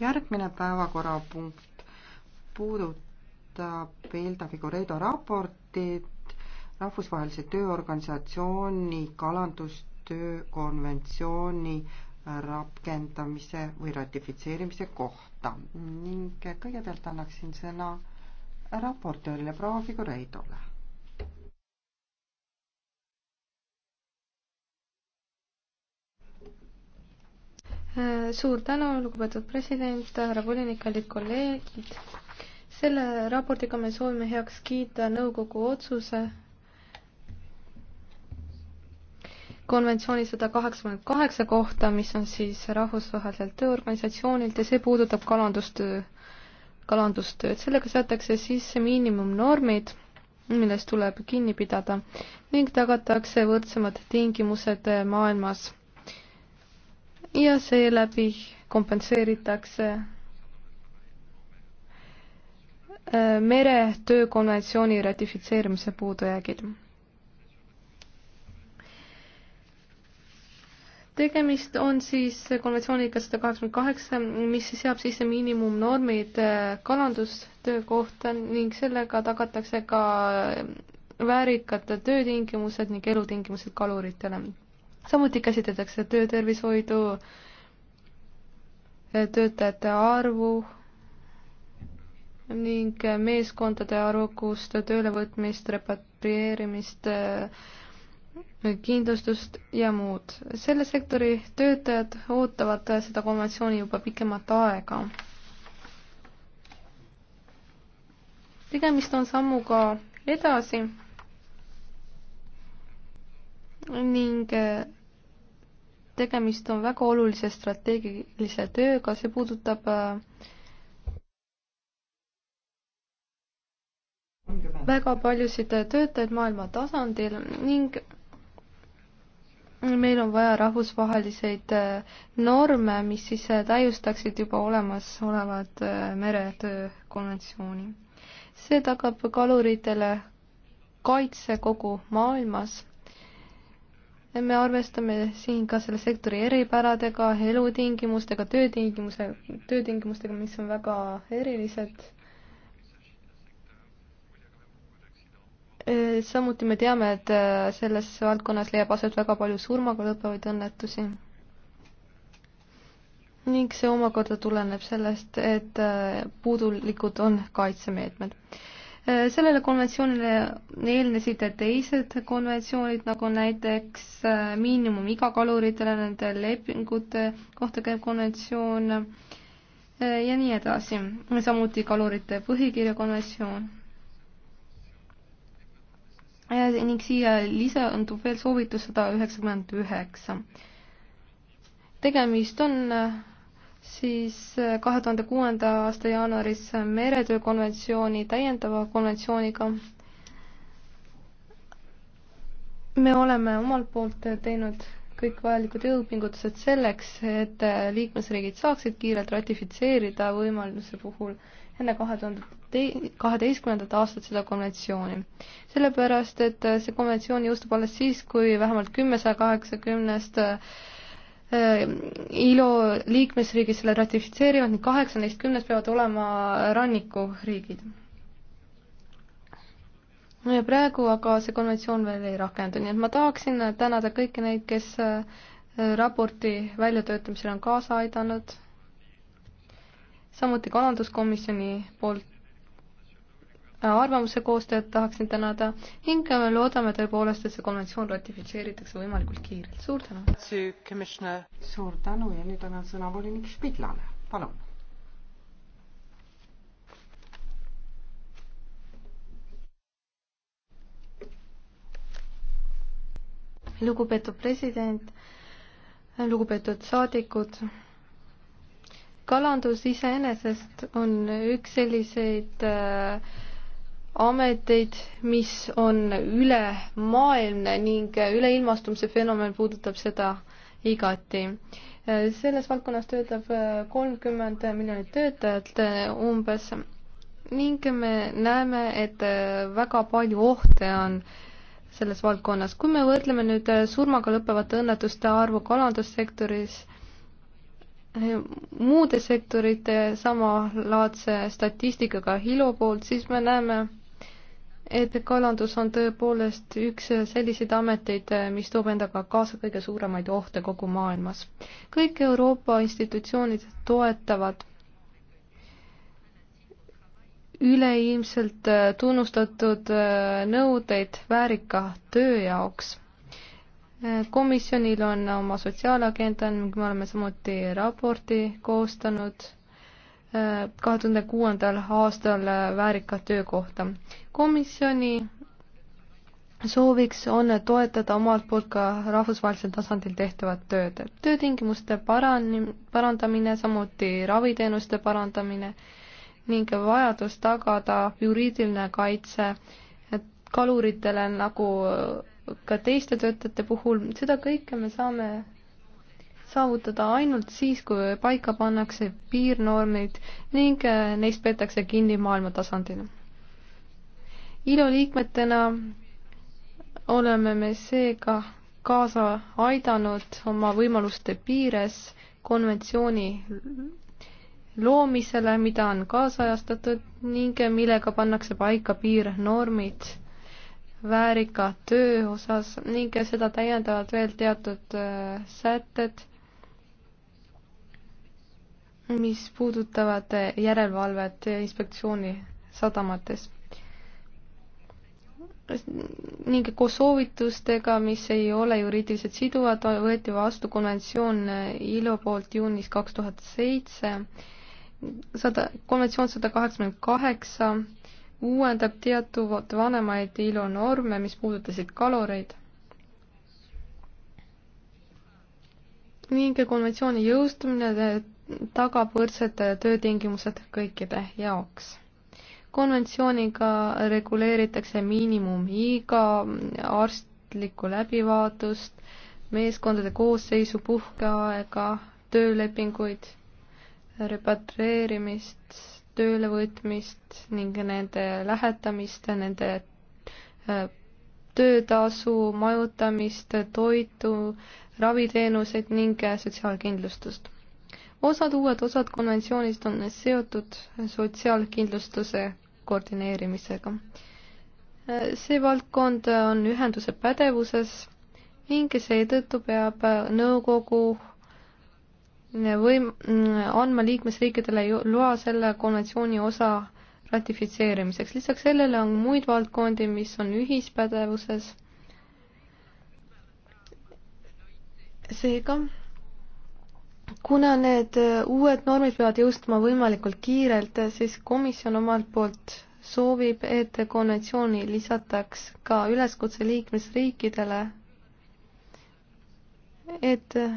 järgmine päevakorrapunkt puudutab Velda Figureido raportit Rahvusvahelise Tööorganisatsiooni kalandustöö konventsiooni rakendamise või ratifitseerimise kohta ning kõigepealt annaksin sõna raportöörile proua Figureidole Äh, suur tänu, lugupeetud president, härra volinik, kallid kolleegid. selle raportiga me soovime heaks kiita nõukogu otsuse konventsiooni sada kaheksakümmend kaheksa kohta, mis on siis rahvusvaheliselt tööorganisatsioonilt ja see puudutab kalandustöö, kalandustööd. sellega seatakse sisse miinimumnormid, millest tuleb kinni pidada ning tagatakse võrdsemad tingimused maailmas ja seeläbi kompenseeritakse äh, meretöökonventsiooni ratifitseerimise puudujäägid. tegemist on siis konventsiooniga sada kaheksakümmend kaheksa, mis seab sisse miinimumnormid äh, kalandustöö kohta ning sellega tagatakse ka väärikad töötingimused ning elutingimused kaluritele samuti käsitletakse töötervishoidu, eh, töötajate arvu ning eh, meeskondade arvukust, töölevõtmist, repatrieerimist, eh, kindlustust ja muud. selle sektori töötajad ootavad seda konventsiooni juba pikemat aega. tegemist on sammuga edasi ning tegemist on väga olulise strateegilise tööga, see puudutab äh, väga paljusid töötajaid maailma tasandil ning meil on vaja rahvusvaheliseid äh, norme, mis siis äh, täiustaksid juba olemasolevat meretöö konventsiooni. see tagab kaluritele kaitse kogu maailmas me arvestame siin ka selle sektori eripäradega, elutingimustega, töötingimuse, töötingimustega, mis on väga erilised. samuti me teame, et äh, selles valdkonnas leiab aset väga palju surmaga lõppevaid õnnetusi. ning see omakorda tuleneb sellest, et äh, puudulikud on kaitsemeetmed Äh, sellele konventsioonile eelnesid teised konventsioonid, nagu näiteks äh, miinimum igakaluritele nende lepingute kohta käiv konventsioon äh, ja nii edasi, samuti kalurite põhikirja konventsioon. ning siia lisandub veel soovitus sada üheksakümmend üheksa. tegemist on siis äh, kahe tuhande kuuenda aasta jaanuaris meretöö konventsiooni täiendava konventsiooniga. me oleme omalt poolt teinud kõik vajalikud jõupingutused selleks, et äh, liikmesriigid saaksid kiirelt ratifitseerida võimaluse puhul enne kahe tuhande kaheteistkümnendat aastat seda konventsiooni. sellepärast, et äh, see konventsioon jõustub alles siis, kui vähemalt kümme saja kaheksakümnest Äh, ILO liikmesriigid selle ratifitseerivad, nii kaheksa neist kümnest peavad olema rannikuriigid. praegu aga see konventsioon veel ei rakendu, nii et ma tahaksin tänada kõiki neid, kes äh, raporti väljatöötamisel on kaasa aidanud, samuti kalanduskomisjoni poolt arvamuse koostajat tahaksin tänada ning loodame tõepoolest, et see konventsioon ratifitseeritakse võimalikult kiirelt. suur tänu! suur tänu ja nüüd annan sõna volinik Špidlale, palun! lugupeetud president, lugupeetud saadikud, kalandus iseenesest on üks selliseid äh, ameteid, mis on ülemaailmne ning üleilmastumise fenomen puudutab seda igati. selles valdkonnas töötab äh, kolmkümmend miljonit töötajat äh, umbes ning me näeme, et äh, väga palju ohte on selles valdkonnas. kui me võrdleme nüüd surmaga lõppevate õnnetuste arvu kalandussektoris, muude sektorite samalaadse statistikaga Hilo poolt, siis me näeme, et kalandus on tõepoolest üks selliseid ameteid, mis toob endaga kaasa kõige suuremaid ohte kogu maailmas. kõik Euroopa institutsioonid toetavad üleilmselt tunnustatud nõudeid väärika töö jaoks. komisjonil on oma sotsiaalagenda, me oleme samuti raporti koostanud kahe tuhande kuuendal aastal väärikat töökohta. komisjoni sooviks on toetada omalt poolt ka rahvusvahelisel tasandil tehtavat tööd. töötingimuste parani-, parandamine, samuti raviteenuste parandamine ning vajadus tagada juriidiline kaitse kaluritele nagu ka teiste töötajate puhul, seda kõike me saame saavutada ainult siis, kui paika pannakse piirnormid ning äh, neist peetakse kinni maailma tasandil. ILO liikmetena oleme me seega kaasa aidanud oma võimaluste piires konventsiooni loomisele, mida on kaasajastatud ning millega pannakse paika piirnormid väärika töö osas ning seda täiendavad veel teatud äh, sätted mis puudutavad järelevalvet ja inspektsiooni sadamates ning koos soovitustega, mis ei ole juriidiliselt siduvad, võeti vastu konventsioon ILO poolt juunis kaks tuhat seitse, sada, konventsioon sada kaheksakümmend kaheksa uuendab teatud vanemaid ILO norme, mis puudutasid kaloreid. ning konventsiooni jõustumine tagab võrdsed töötingimused kõikide jaoks. konventsiooniga reguleeritakse miinimumiiga, arstlikku läbivaatust, meeskondade koosseisu, puhkeaega, töölepinguid, repatrieerimist, töölevõtmist ning nende lähetamist, nende äh, töötasu, majutamist, toitu, raviteenuseid ning äh, sotsiaalkindlustust osad uued osad konventsioonist on seotud sotsiaalkindlustuse koordineerimisega. see valdkond on ühenduse pädevuses ning seetõttu peab nõukogu võim-, andma liikmesriikidele loa selle konventsiooni osa ratifitseerimiseks. lisaks sellele on muid valdkondi, mis on ühispädevuses. seega kuna need äh, uued normid peavad jõustuma võimalikult kiirelt, äh, siis komisjon omalt poolt soovib, et konventsiooni lisataks ka üleskutse liikmesriikidele, et äh,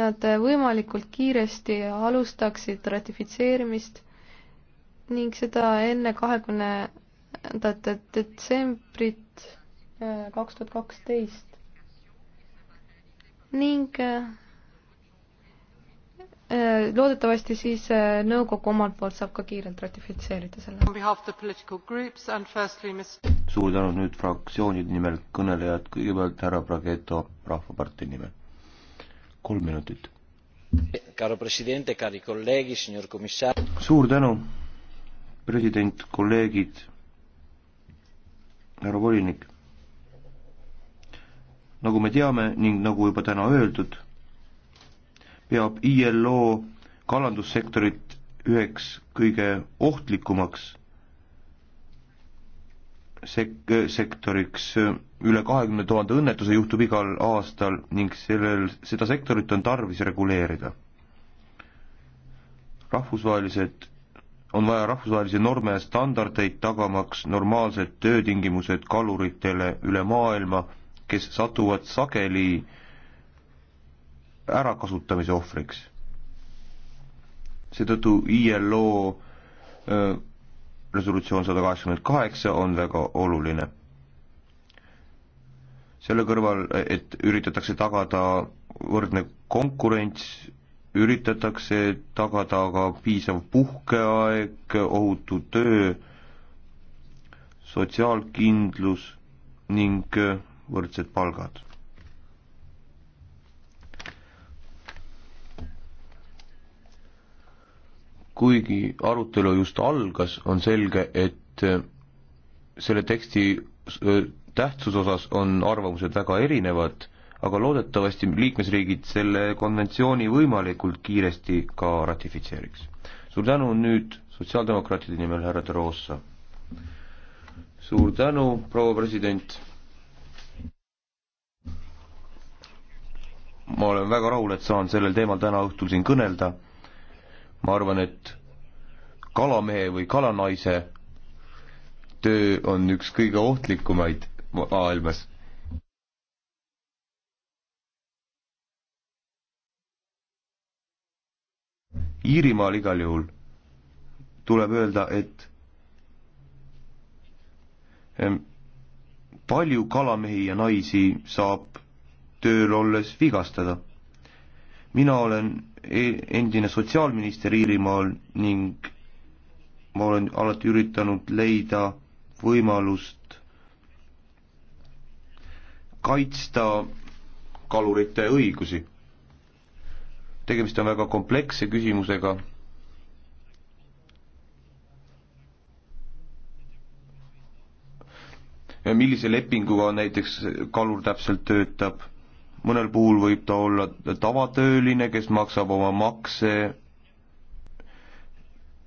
nad võimalikult kiiresti alustaksid ratifitseerimist ning seda enne kahekümnendat detsembrit kaks tuhat kaksteist ning Äh, loodetavasti siis äh, nõukogu omalt poolt saab ka kiirelt ratifitseerida selle. suur tänu nüüd fraktsioonide nimel kõnelejad, kõigepealt härra Bragetto Rahvapartei nimel. kolm minutit. suur tänu, president, kolleegid, härra volinik. nagu me teame ning nagu juba täna öeldud peab ILO kalandussektorit üheks kõige ohtlikumaks sek-, sektoriks, üle kahekümne tuhande õnnetuse juhtub igal aastal ning sellel, seda sektorit on tarvis reguleerida. rahvusvahelised, on vaja rahvusvahelisi norme ja standardeid, tagamaks normaalsed töötingimused kaluritele üle maailma, kes satuvad sageli ärakasutamise ohvriks. seetõttu ILO resolutsioon sada kaheksakümmend kaheksa on väga oluline. selle kõrval, et üritatakse tagada võrdne konkurents, üritatakse tagada ka piisav puhkeaeg, ohutu töö, sotsiaalkindlus ning võrdsed palgad kuigi arutelu just algas, on selge, et äh, selle teksti äh, tähtsuse osas on arvamused väga erinevad, aga loodetavasti liikmesriigid selle konventsiooni võimalikult kiiresti ka ratifitseeriks. suur tänu nüüd sotsiaaldemokraatide nimel härra De Rosa. suur tänu, proua president. ma olen väga rahul, et saan sellel teemal täna õhtul siin kõnelda ma arvan, et kalamehe või kalanaise töö on üks kõige ohtlikumaid maailmas. Iirimaal igal juhul tuleb öelda, et palju kalamehi ja naisi saab tööl olles vigastada mina olen e-, endine sotsiaalminister Iirimaal ning ma olen alati üritanud leida võimalust kaitsta kalurite õigusi. tegemist on väga kompleksse küsimusega. millise lepinguga näiteks kalur täpselt töötab mõnel puhul võib ta olla tavatööline, kes maksab oma makse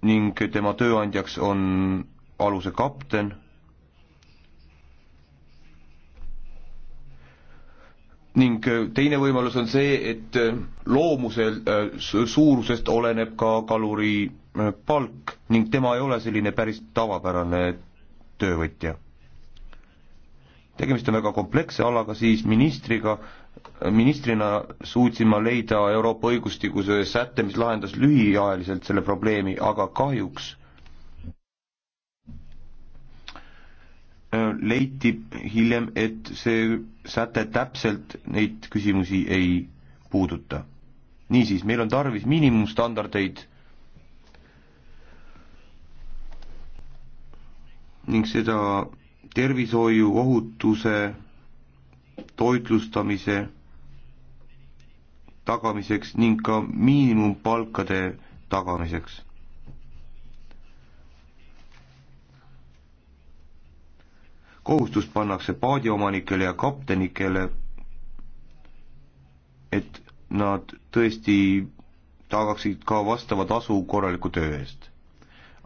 ning tema tööandjaks on aluse kapten. ning teine võimalus on see, et loomuse äh, suurusest oleneb ka kaluri äh, palk ning tema ei ole selline päris tavapärane töövõtja. tegemist on väga kompleksse alaga, siis ministriga ministrina suutsin ma leida Euroopa õigustikuse sätte, mis lahendas lühiajaliselt selle probleemi, aga kahjuks leiti hiljem, et see säte täpselt neid küsimusi ei puuduta. niisiis, meil on tarvis miinimumstandardeid ning seda tervishoiu, ohutuse toitlustamise tagamiseks ning ka miinimumpalkade tagamiseks. kohustus pannakse paadiomanikele ja kaptenikele, et nad tõesti tagaksid ka vastava tasu korraliku töö eest.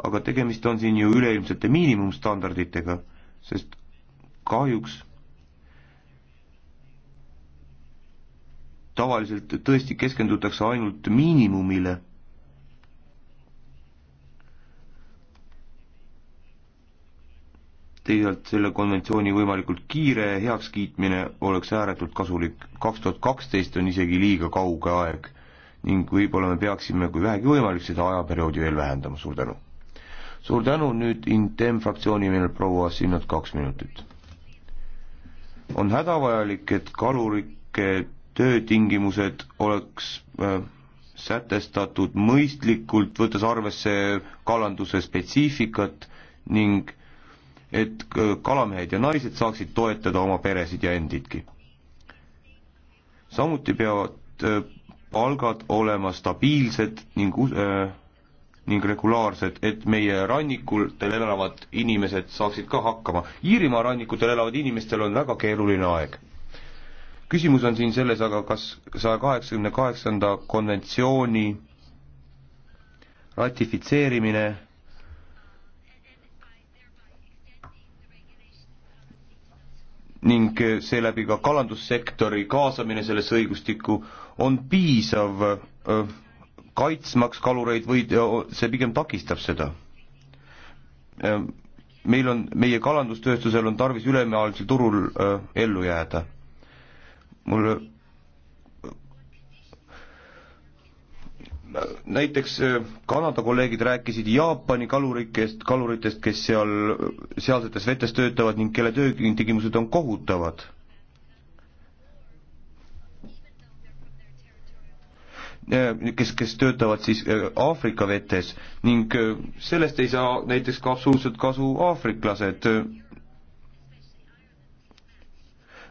aga tegemist on siin ju üleilmsete miinimumstandarditega, sest kahjuks tavaliselt tõesti keskendutakse ainult miinimumile. teisalt selle konventsiooni võimalikult kiire heakskiitmine oleks ääretult kasulik. kaks tuhat kaksteist on isegi liiga kauge aeg ning võib-olla me peaksime, kui vähegi võimalik, seda ajaperioodi veel vähendama, suur tänu. suur tänu, nüüd Intem fraktsiooni nimel proua Sinnat kaks minutit. on hädavajalik, et kalurike töötingimused oleks äh, sätestatud mõistlikult, võttes arvesse kalanduse spetsiifikat ning et kalamehed ja naised saaksid toetada oma peresid ja endidki. samuti peavad äh, palgad olema stabiilsed ning äh, ning regulaarsed, et meie rannikutel elavad inimesed saaksid ka hakkama. Iirimaa rannikutel elavad inimestel on väga keeruline aeg küsimus on siin selles aga, kas saja kaheksakümne kaheksanda konventsiooni ratifitseerimine ning seeläbi ka kalandussektori kaasamine sellesse õigustikku on piisav kaitsmaks kalureid või see pigem takistab seda? meil on, meie kalandustööstusel on tarvis ülemaailmsel turul ellu jääda mulle näiteks äh, Kanada kolleegid rääkisid Jaapani kalurikest, kaluritest, kes seal, sealsetes vetes töötavad ning kelle töötingimused on kohutavad. Äh, kes, kes töötavad siis äh, Aafrika vetes ning sellest ei saa näiteks ka absoluutselt kasu aafriklased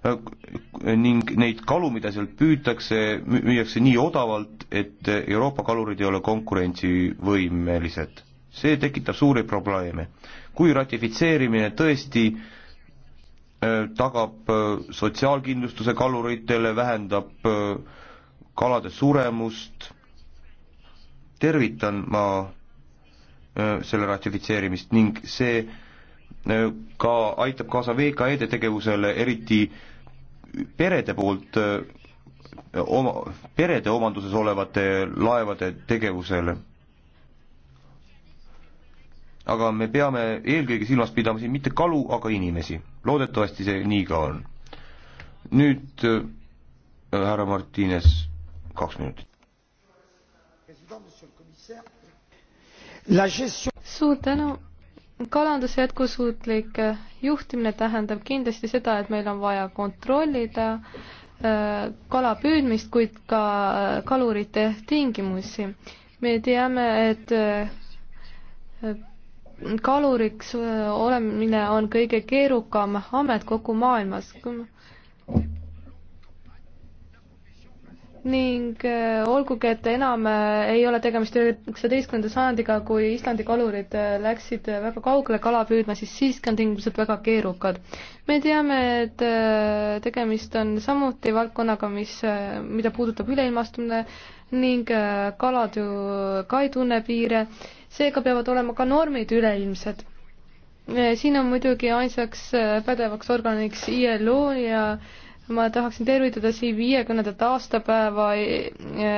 Äh, ning neid kalu, mida sealt püütakse, müüakse nii odavalt, et Euroopa kalurid ei ole konkurentsivõimelised. see tekitab suuri probleeme. kui ratifitseerimine tõesti äh, tagab äh, sotsiaalkindlustuse kaluritele, vähendab kalade suremust, tervitan ma selle ratifitseerimist ning see ka aitab kaasa VKE-de tegevusele, eriti perede poolt oma, perede omanduses olevate laevade tegevusele. aga me peame eelkõige silmas pidama siin mitte kalu, aga inimesi. loodetavasti see nii ka on. nüüd härra Martines, kaks minutit. suur tänu, kalanduse jätkusuutlik juhtimine tähendab kindlasti seda, et meil on vaja kontrollida äh, kala püüdmist, kuid ka äh, kalurite tingimusi. me teame, et äh, kaluriks olemine on kõige keerukam amet kogu maailmas ning äh, olgugi, et enam äh, ei ole tegemist üheksateistkümnenda sajandiga, kui Islandi kalurid äh, läksid väga kaugele kala püüdma, siis siiski on tingimused väga keerukad. me teame, et tegemist on samuti valdkonnaga, mis, mida puudutab üleilmastumine ning kalad ju ka ei tunne piire, seega peavad olema ka normid üleilmsed siin on muidugi ainsaks pädevaks organiks ILO ja äh, ma tahaksin tervitada siin viiekümnendat aastapäeva e, e,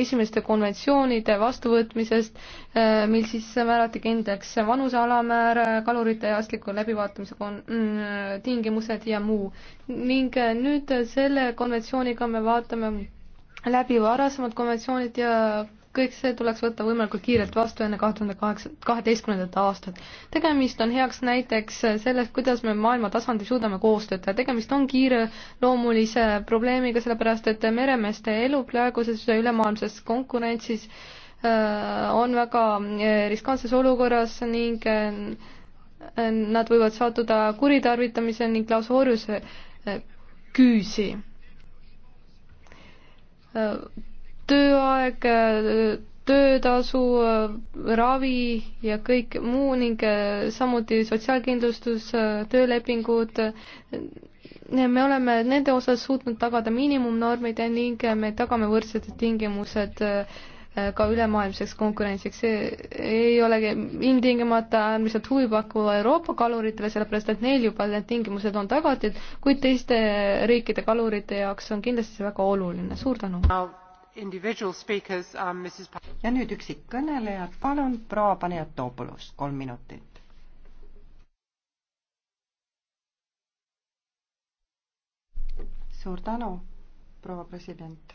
esimeste konventsioonide vastuvõtmisest, e, mil siis määrati kindlaks vanuse alamäär, kalurite aastliku läbivaatamise kon-, mm, tingimused ja muu. ning nüüd selle konventsiooniga me vaatame läbi varasemad konventsioonid ja kõik see tuleks võtta võimalikult kiirelt vastu enne kahe tuhande kaheksa, kaheteistkümnendat aastat. tegemist on heaks näiteks sellest, kuidas me maailma tasandil suudame koostööd teha, tegemist on kiireloomulise probleemiga, sellepärast et meremeeste elu praeguses ülemaailmses konkurentsis äh, on väga äh, riskantses olukorras ning äh, nad võivad sattuda kuritarvitamise ning lausa orjuse küüsi tööaeg, töötasu, ravi ja kõik muu ning eh, samuti sotsiaalkindlustus, eh, töölepingud. me oleme nende osas suutnud tagada miinimumnormid ning me tagame võrdsed tingimused eh, ka ülemaailmseks konkurentsiks, see ei olegi ilmtingimata äärmiselt huvipakkuva Euroopa kaluritele, sellepärast et neil juba need tingimused on tagatud, kuid teiste riikide kalurite jaoks on kindlasti see väga oluline, suur tänu no.! Um, ja nüüd üksikkõnelejad, palun proua Panajatopoulos, kolm minutit. suur tänu, proua president.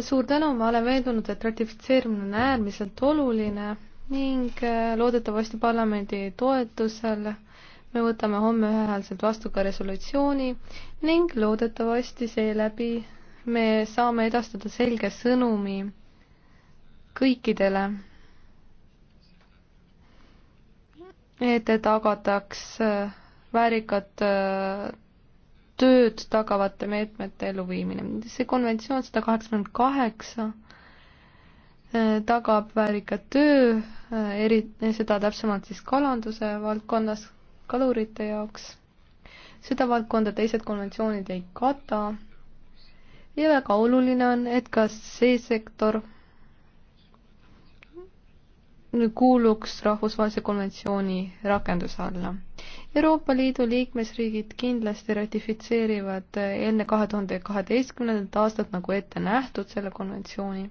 suur tänu, ma olen veendunud, et ratifitseerimine on äärmiselt oluline ning äh, loodetavasti parlamendi toetusel me võtame homme ühehäälselt vastu ka resolutsiooni ning loodetavasti seeläbi me saame edastada selge sõnumi kõikidele, et tagataks äh, väärikad äh, tööd tagavate meetmete elluviimine. see konventsioon sada kaheksakümmend kaheksa äh, tagab väärika töö, eri, seda täpsemalt siis kalanduse valdkonnas kalurite jaoks. seda valdkonda teised konventsioonid ei kata ja väga oluline on, et ka see sektor kuuluks rahvusvahelise konventsiooni rakenduse alla. Euroopa Liidu liikmesriigid kindlasti ratifitseerivad enne kahe tuhande kaheteistkümnendat aastat nagu ette nähtud selle konventsiooni.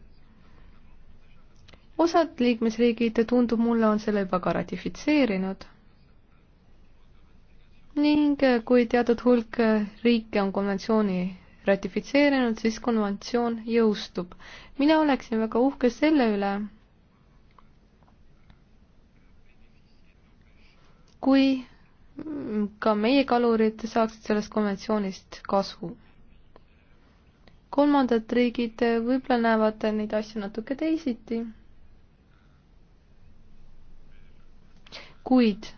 osad liikmesriigid, tundub mulle, on selle juba ka ratifitseerinud ning eh, kui teatud hulk eh, riike on konventsiooni ratifitseerinud, siis konventsioon jõustub. mina oleksin väga uhke selle üle, kui mm, ka meie kalurid saaksid sellest konventsioonist kasu. kolmandad riigid eh, võib-olla näevad neid asju natuke teisiti, kuid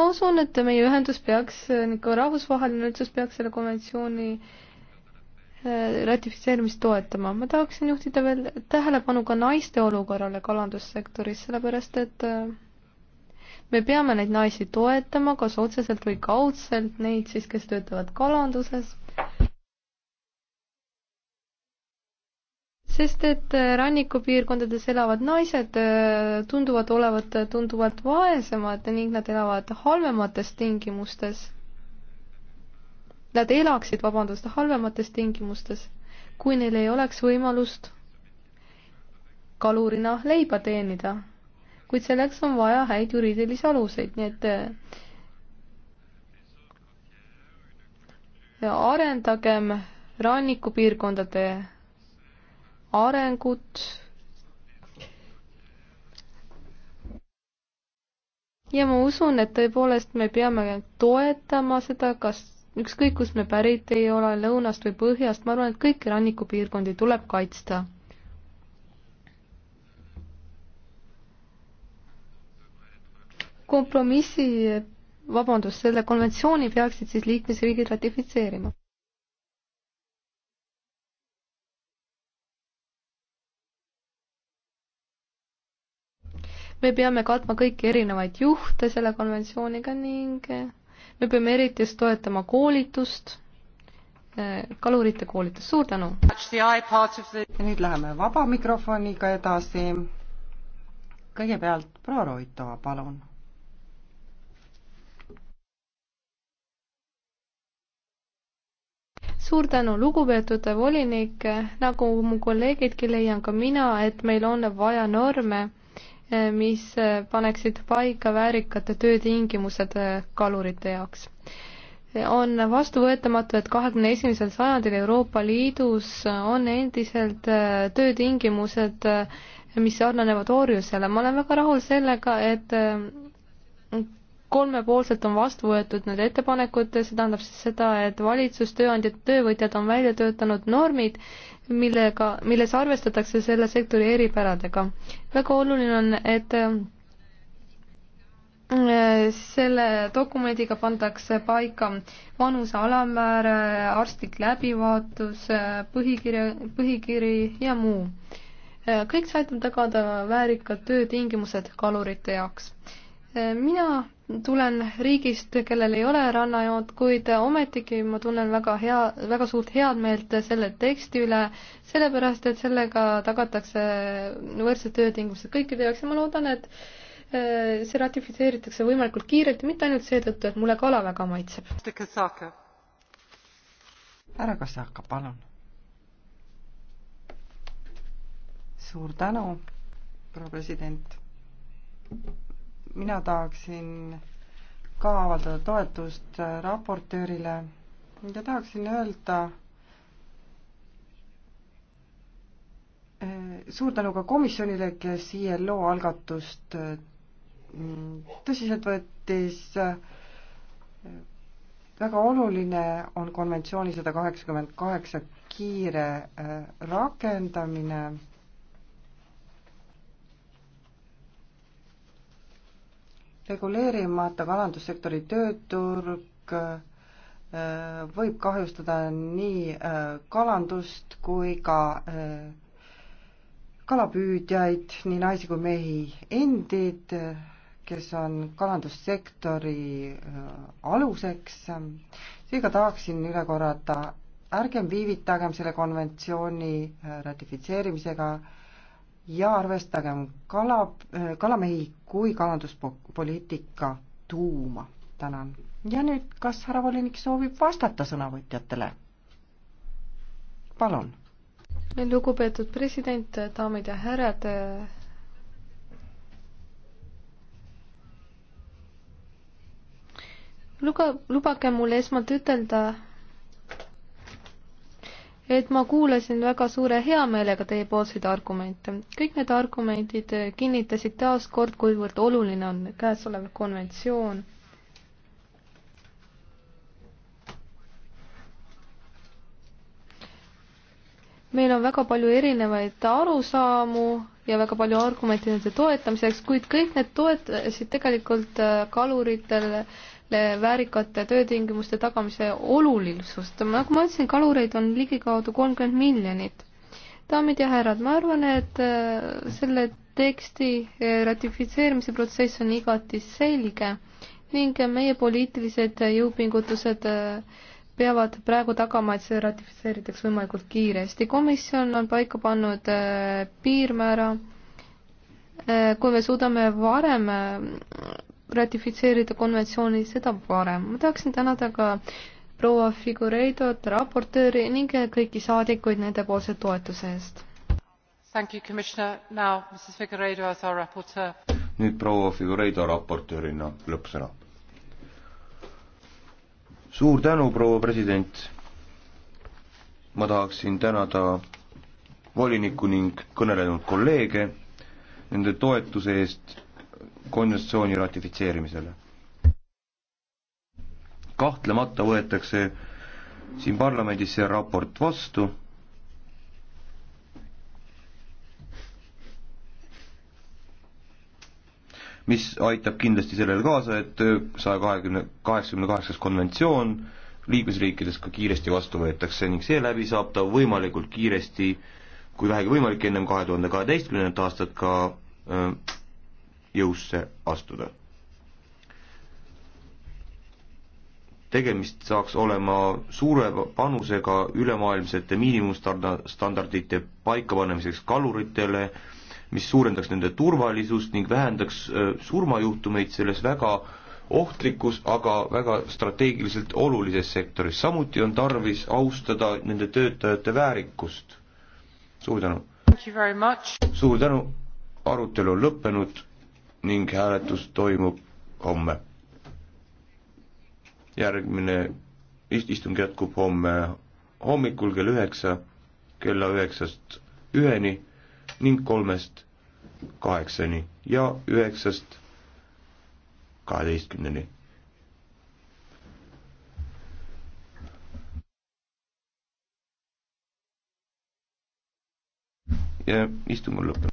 ma usun, et meie ühendus peaks, ka rahvusvaheline üldsus peaks selle konventsiooni äh, ratifitseerimist toetama. ma tahaksin juhtida veel tähelepanu ka naiste olukorrale kalandussektoris, sellepärast et äh, me peame neid naisi toetama, kas otseselt või kaudselt, neid siis, kes töötavad kalanduses sest et äh, rannikupiirkondades elavad naised äh, tunduvad olevat äh, tunduvalt vaesemad ning nad elavad halvemates tingimustes. Nad elaksid, vabandust, halvemates tingimustes, kui neil ei oleks võimalust kalurina leiba teenida. kuid selleks on vaja häid juriidilisi aluseid, nii et arendagem rannikupiirkondade arengut. ja ma usun, et tõepoolest me peame toetama seda, kas ükskõik kust me pärit ei ole, lõunast või põhjast, ma arvan, et kõiki rannikupiirkondi tuleb kaitsta. kompromissi, vabandust, selle konventsiooni peaksid siis liikmesriigid ratifitseerima. me peame katma kõiki erinevaid juhte selle konventsiooniga ning eh, me peame eriti just toetama koolitust, eh, kalurite koolitust, suur tänu! ja nüüd läheme vaba mikrofoniga edasi. kõigepealt proua Roitova, palun suur tänu, lugupeetud volinik, nagu mu kolleegidki leian ka mina, et meil on vaja norme, mis paneksid paika väärikate töötingimused kalurite jaoks. on vastuvõetamatu, et kahekümne esimesel sajandil Euroopa Liidus on endiselt töötingimused, mis sarnanevad orjusele. ma olen väga rahul sellega, et kolmepoolselt on vastu võetud need ettepanekud, see tähendab siis seda, et valitsus, tööandjad, töövõtjad on välja töötanud normid, millega, milles arvestatakse selle sektori eripäradega. väga oluline on, et äh, selle dokumendiga pandakse paika vanuse alammäär, arstlik läbivaatus, põhikirja, põhikiri ja muu. Äh, kõik see aitab tagada väärikad töötingimused kalurite jaoks. Äh, mina tulen riigist, kellel ei ole rannajoont, kuid ometigi ma tunnen väga hea, väga suurt headmeelt selle teksti üle, sellepärast et sellega tagatakse võrdsed töötingimused kõikide jaoks ja ma loodan, et äh, see ratifitseeritakse võimalikult kiirelt ja mitte ainult seetõttu, et mulle kala väga maitseb. härra Kasaka, palun. suur tänu, proua president mina tahaksin ka avaldada toetust raportöörile ja tahaksin öelda äh, suur tänu ka komisjonile, kes ILO algatust mm, tõsiselt võttis. väga oluline on konventsiooni sada kaheksakümmend kaheksa kiire äh, rakendamine reguleerimata kalandussektori tööturg äh, võib kahjustada nii äh, kalandust kui ka äh, kalapüüdjaid, nii naisi kui mehi endid, kes on kalandussektori aluseks. seega tahaksin üle korrata, ärgem viivitagem selle konventsiooni ratifitseerimisega ja arvestagem kala, äh, kalamehi kui kalanduspoliitika tuuma. tänan. ja nüüd, kas härra volinik soovib vastata sõnavõtjatele? palun. lugupeetud president, daamid ja härrad. Äh, luga, lubage mul esmalt ütelda, et ma kuulasin väga suure heameelega teiepoolseid argumente. kõik need argumendid kinnitasid taas kord, kuivõrd oluline on käesolev konventsioon. meil on väga palju erinevaid arusaamu ja väga palju argumente nende toetamiseks, kuid kõik need toetasid tegelikult äh, kaluritele väärikate töötingimuste tagamise olulisust. nagu ma ütlesin, kalureid on ligikaudu kolmkümmend miljonit. daamid ja härrad, ma arvan, et äh, selle teksti äh, ratifitseerimise protsess on igati selge ning meie poliitilised jõupingutused äh, peavad praegu tagama, et see ratifitseeritaks võimalikult kiiresti. komisjon on paika pannud äh, piirmäära. Äh, kui me suudame varem äh, ratifitseerida konventsiooni, seda parem. ma tahaksin tänada ka proua Figureidot, raportööri ning kõiki saadikuid nendepoolse toetuse eest. nüüd proua Figureido raportöörina lõppsõna suur tänu, proua president. ma tahaksin tänada volinikku ning kõnelenud kolleege nende toetuse eest konventsiooni ratifitseerimisele. kahtlemata võetakse siin parlamendis see raport vastu mis aitab kindlasti sellele kaasa, et saja kahekümne, kaheksakümne kaheksas konventsioon liikmesriikides ka kiiresti vastu võetakse ning seeläbi saab ta võimalikult kiiresti, kui vähegi võimalik, ennem kahe tuhande kaheteistkümnendat aastat ka öö, äh, jõusse astuda. tegemist saaks olema suure panusega ülemaailmsete miinimumstandardite paikapanemiseks kaluritele, mis suurendaks nende turvalisust ning vähendaks äh, surmajuhtumeid selles väga ohtlikus, aga väga strateegiliselt olulises sektoris. samuti on tarvis austada nende töötajate väärikust. suur tänu! suur tänu, arutelu on lõppenud ning hääletus toimub homme. järgmine istung jätkub homme hommikul kell üheksa, kella üheksast üheni ning kolmest kaheksani ja üheksast kaheteistkümneni. ja istung on lõppenud.